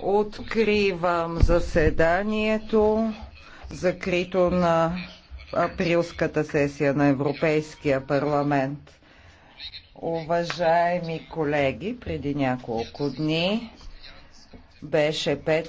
Откривам заседанието, закрито на априлската сесия на Европейския парламент. Уважаеми колеги, преди няколко дни беше пет